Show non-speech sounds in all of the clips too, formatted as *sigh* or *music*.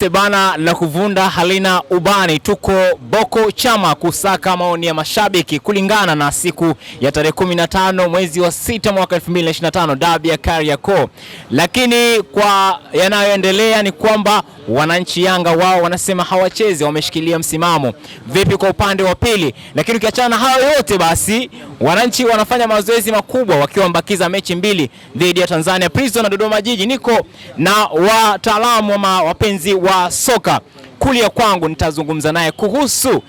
Tebana la kuvunda halina ubani. Tuko Boko Chama kusaka maoni ya mashabiki kulingana na siku ya tarehe 15 mwezi wa 6 mwaka 2025, dabi ya Kariakoo. Lakini kwa yanayoendelea ni kwamba wananchi Yanga wao wanasema hawachezi, wameshikilia msimamo. Vipi kwa upande wa pili? Lakini ukiachana na hayo yote, basi wananchi wanafanya mazoezi makubwa wakiwa wambakiza mechi mbili dhidi ya Tanzania Prison na Dodoma Jiji. Niko na wataalamu ama wapenzi wa wa soka kulia kwangu, nitazungumza naye kuhusu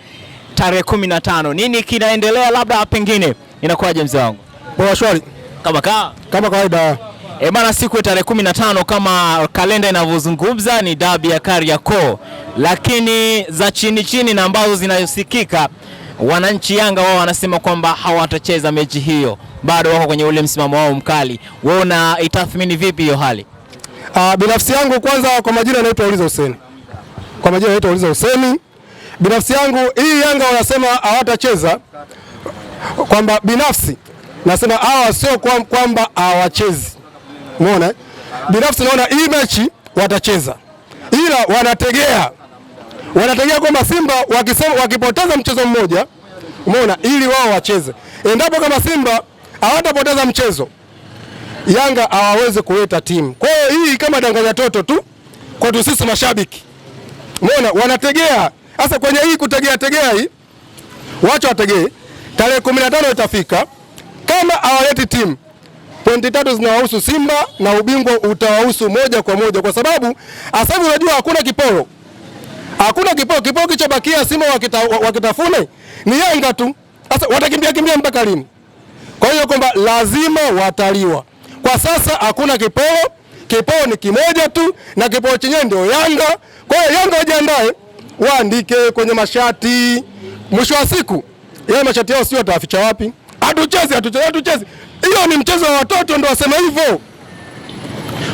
tarehe kumi na tano, nini kinaendelea, labda pengine inakuwaje mzee wangu? Poa, shwari kama ka kama kawaida. E bana, siku ya tarehe kumi na tano kama kalenda inavyozungumza ni dabi ya Kariakoo, lakini za chini chini na ambazo zinayosikika wananchi Yanga wao wanasema kwamba hawatacheza mechi hiyo, bado wako kwenye ule msimamo wao mkali. Wewe una itathmini vipi hiyo hali? Uh, binafsi yangu kwanza, kwa majina naitwa Uliza Hussein. Kwa majina naitwa Uliza Hussein. Binafsi yangu hii Yanga wanasema hawatacheza kwamba binafsi nasema hawa sio kwamba hawachezi. Umeona? Binafsi naona hii mechi watacheza, ila wanategea wanategea kwamba Simba wakisema wakipoteza mchezo mmoja, umeona, ili wao wacheze. Endapo kama Simba hawatapoteza mchezo Yanga hawawezi kuleta timu. Kwa hiyo hii kama danganya toto tu kwetu sisi mashabiki, umeona wanategea sasa kwenye hii kutegea tegea hii, wacha wategee. Tarehe 15 itafika, kama hawaleti timu pointi tatu zinawahusu Simba na ubingwa utawahusu moja kwa moja, kwa sababu sasa hivi unajua hakuna kiporo, hakuna kiporo. Kiporo kichobakia Simba wakita, wakitafune ni Yanga tu. Sasa watakimbia kimbia mpaka lini? Kwa hiyo kwamba lazima wataliwa. Kwa sasa hakuna kipoo, kipoo ni kimoja tu, na kipoo chenyewe ndio Yanga. Kwa hiyo Yanga wajiandae, waandike kwenye mashati. Mwisho wa siku yale mashati yao sio, watawaficha wapi? Hatuchezi, hatuchezi, hatuchezi. Hiyo ni mchezo wa watoto, ndio wasema hivyo.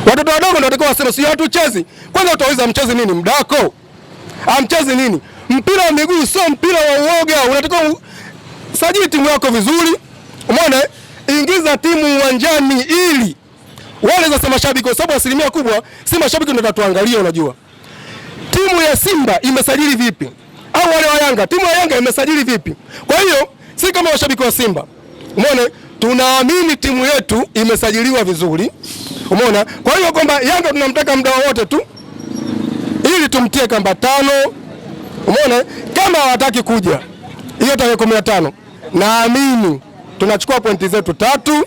Watoto wadogo ndio walikuwa wasema sio, hatuchezi. Kwanza utauliza mchezi nini? Mdako amchezi nini? Mpira wa miguu sio mpira wa uoga, unatakiwa sajili timu yako vizuri, umeona eh? ingiza timu uwanjani ili wale sasa mashabiki, kwa sababu asilimia kubwa si mashabiki ndio tatuangalia. Unajua timu ya Simba imesajili vipi, au wale wa Yanga, timu ya Yanga imesajili vipi? Kwa hiyo si kama washabiki wa Simba, umeona tunaamini timu yetu imesajiliwa vizuri, umeona. Kwa hiyo kwamba Yanga tunamtaka muda wote tu ili tumtie kamba tano, umeona. Kama hawataki kuja hiyo tarehe kumi na naamini tunachukua pointi zetu tatu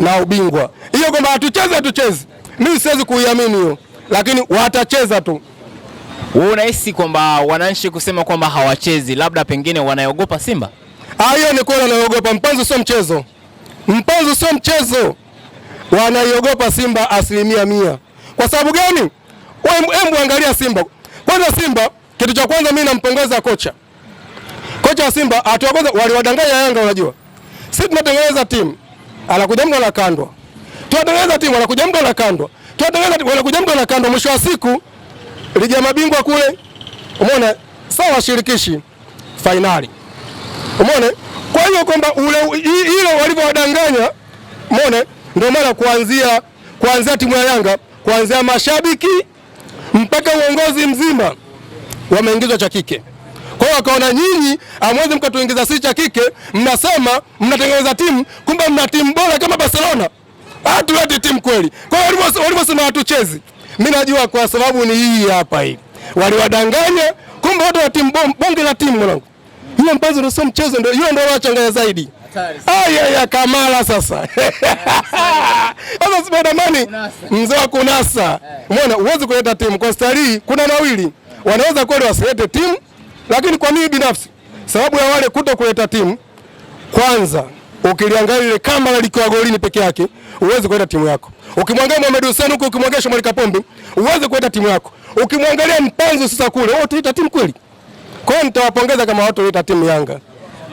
na ubingwa. Hiyo kwamba hatucheze hatucheze, mimi siwezi kuiamini hiyo, lakini watacheza tu. Wewe unahisi kwamba wananchi kusema kwamba hawachezi, labda pengine wanaogopa Simba? Ah, Hiyo ni kweli, wanaogopa. Mpanzu sio mchezo, Mpanzu sio mchezo, wanaiogopa Simba asilimia mia. Kwa sababu gani? Hebu angalia Simba kwanza. Simba kitu cha kwanza, mimi nampongeza kocha, kocha wa Simba atuongoza, waliwadanganya Yanga, unajua sisi tunatengeneza timu, anakuja mtu anakandwa, tunatengeneza timu, anakuja mtu anakandwa, tunatengeneza timu, anakuja mtu anakandwa. Mwisho wa siku ligi ya mabingwa kule, umeona sawa, shirikishi fainali, umeona. Kwa hiyo kwamba ule ile walivyowadanganya, umeona, ndio maana kuanzia kuanzia timu ya Yanga kuanzia mashabiki mpaka uongozi mzima wameingizwa cha kike. Kwa hiyo wakaona nyinyi amwezi mkatuingiza sisi cha kike, mnasema mnatengeneza timu, kumbe mna timu bora kama Barcelona. Hatuleti timu kweli. Kwa hiyo walivyosema hatuchezi, mimi najua kwa sababu ni hii hapa hii, waliwadanganya kumbe watu wa timu bonge la timu mwanangu. Hiyo mpanzo ndio sio mchezo, ndio hiyo ndio wachanganya zaidi. Aya ya Kamala sasa. Sasa Spiderman mzee wa kunasa. Eh. Umeona, uweze kuleta timu kwa stari, kuna mawili. Wanaweza kweli wasilete timu lakini kwa nini binafsi, sababu ya wale kuto kuleta timu, kwanza ukiliangalia ile kama likiwa golini peke yake, uweze kuleta timu yako. Ukimwangalia Mohamed Hussein huko, ukimwangalia Shomari Kapombe, uweze kuleta timu yako. Ukimwangalia Mpanzu sasa kule, wote timu kweli. Kwa hiyo nitawapongeza kama watu waleta timu Yanga.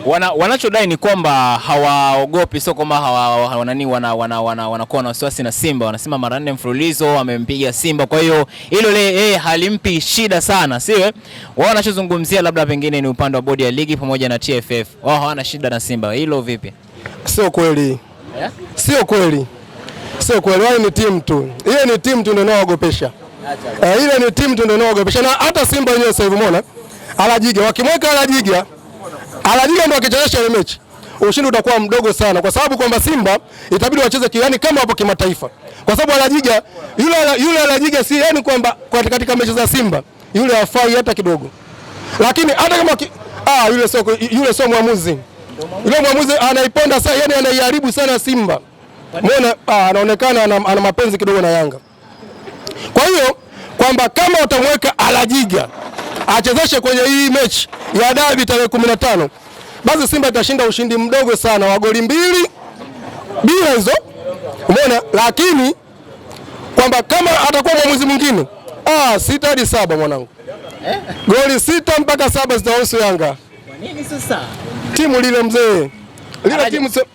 Wana, wanachodai ni kwamba hawaogopi, sio kwamba hawa nani wana, wana, wana, wanakuwa na wasiwasi na Simba. Wanasema mara nne mfululizo amempiga Simba, kwa hiyo hilo le halimpi shida sana, siwe wao. Wanachozungumzia labda pengine ni upande wa bodi ya ligi pamoja na TFF, wao hawana shida na Simba. Hilo vipi? Sio kweli yeah? Sio kweli, sio kweli. Wao ni timu tu, hiyo ni timu tu ndio inaogopesha eh, ile, ni timu tu ndio inaogopesha, na hata Simba wenyewe sasa hivi umeona Alajiga wakimweka Alajiga Aladile ndo akichezesha ile mechi ushindi utakuwa mdogo sana, kwa sababu kwamba Simba itabidi wacheze yani kama wapo kimataifa, kwa sababu Alajiga yule yule Alajiga si yani kwamba kwa katika mechi za Simba yule hafai hata kidogo, lakini hata kama ki, ah, yule sio yule sio mwamuzi yule mwamuzi anaiponda sana, yani anaiharibu sana Simba. Mbona ah, anaonekana ana, ana mapenzi kidogo na Yanga. Kwa hiyo kwamba kama utamweka Alajiga achezeshe kwenye hii mechi ya dabi tarehe 15, basi Simba itashinda ushindi mdogo sana wa goli mbili bila hizo, umeona. Lakini kwamba kama atakuwa mwamuzi mwingine ah, sita hadi saba mwanangu, eh? goli sita mpaka saba zitahusu Yanga. Kwa nini sasa timu lile mzee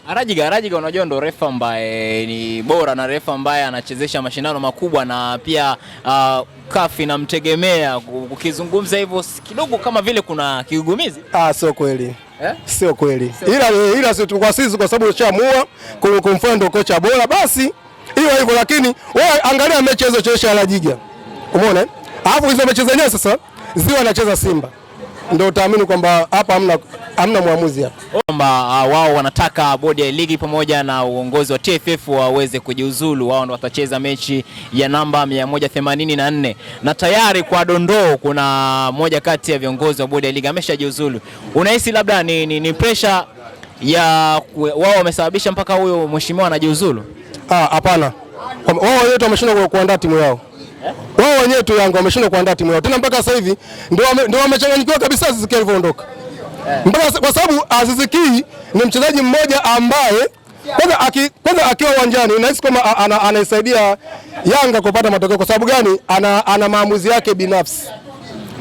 Arajiga, Arajiga unajua ndo refa ambaye ni bora na refa ambaye anachezesha mashindano makubwa na pia uh, kafi namtegemea. Ukizungumza hivyo kidogo kama vile kuna kigugumizi. Ah, sio kweli eh? Sio kweli, ila ila kwa sisi kwa sababu tushaamua kumfanya ndo kocha bora, basi hiyo hivyo. Lakini wewe angalia mechi hizo chezesha Arajiga, umeona, alafu hizo mechi zenyewe sasa ziwa anacheza Simba ndio utaamini kwamba hapa hamna hamna mwamuzi hapa. Kwamba uh, wao wanataka bodi ya ligi pamoja na uongozi wa TFF waweze kujiuzulu. Wao ndio watacheza mechi ya namba 184 na tayari kwa dondoo, kuna moja kati ya viongozi wa bodi ya ligi ameshajiuzulu. Unahisi labda ni, ni, ni pressure ya wao wamesababisha mpaka huyo mheshimiwa anajiuzulu? Ah, hapana, wao wote wameshindwa kuandaa timu yao wao wenyewe tu Yanga wameshindwa kuandaa timu yao tena, mpaka sasa hivi ndio wamechanganyikiwa kabisa Aziz Ki alivyoondoka, eh. mpaka kwa sababu Aziz Ki ni mchezaji mmoja ambaye kwanza aki, kwanza akiwa uwanjani nahisi kama anaisaidia Yanga kupata matokeo. Kwa sababu gani? Ana, ana maamuzi yake binafsi,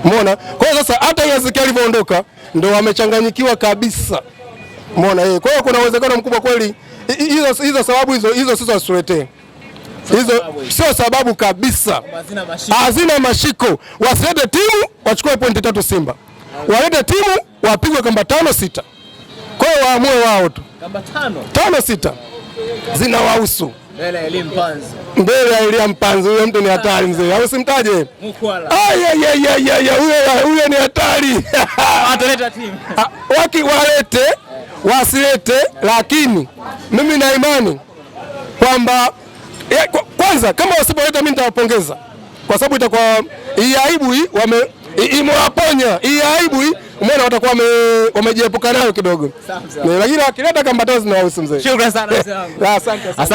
umeona. Kwa hiyo sasa hata Aziz Ki alivyoondoka ndio wamechanganyikiwa kabisa, umeona. Eh, kwa hiyo kuna uwezekano mkubwa kweli hizo sababu hizo hizo sisi wasiletee hizo sio sababu kabisa, hazina mashiko. Wasilete timu wachukue pointi tatu Simba, walete timu wapigwe kamba tano sita. Kwa hiyo waamue wao tu kamba tano, tano sita zinawahusu mbele ya Elia Mpanzi. Huyo mtu ni hatari mzee, au simtaje? Huyo ni hatari *laughs* ataleta timu waki walete wasilete, lakini mimi na imani kwamba yeah, kwa, kwanza kama wasipoleta mimi nitawapongeza kwa sababu itakuwa hii aibu hii wame imewaponya hii aibu hii, umeona watakuwa wamejiepuka nayo kidogo, eh, lakini akileta kamba tozi na wahusu mzee. Shukrani sana mzee wangu. Ah, asante.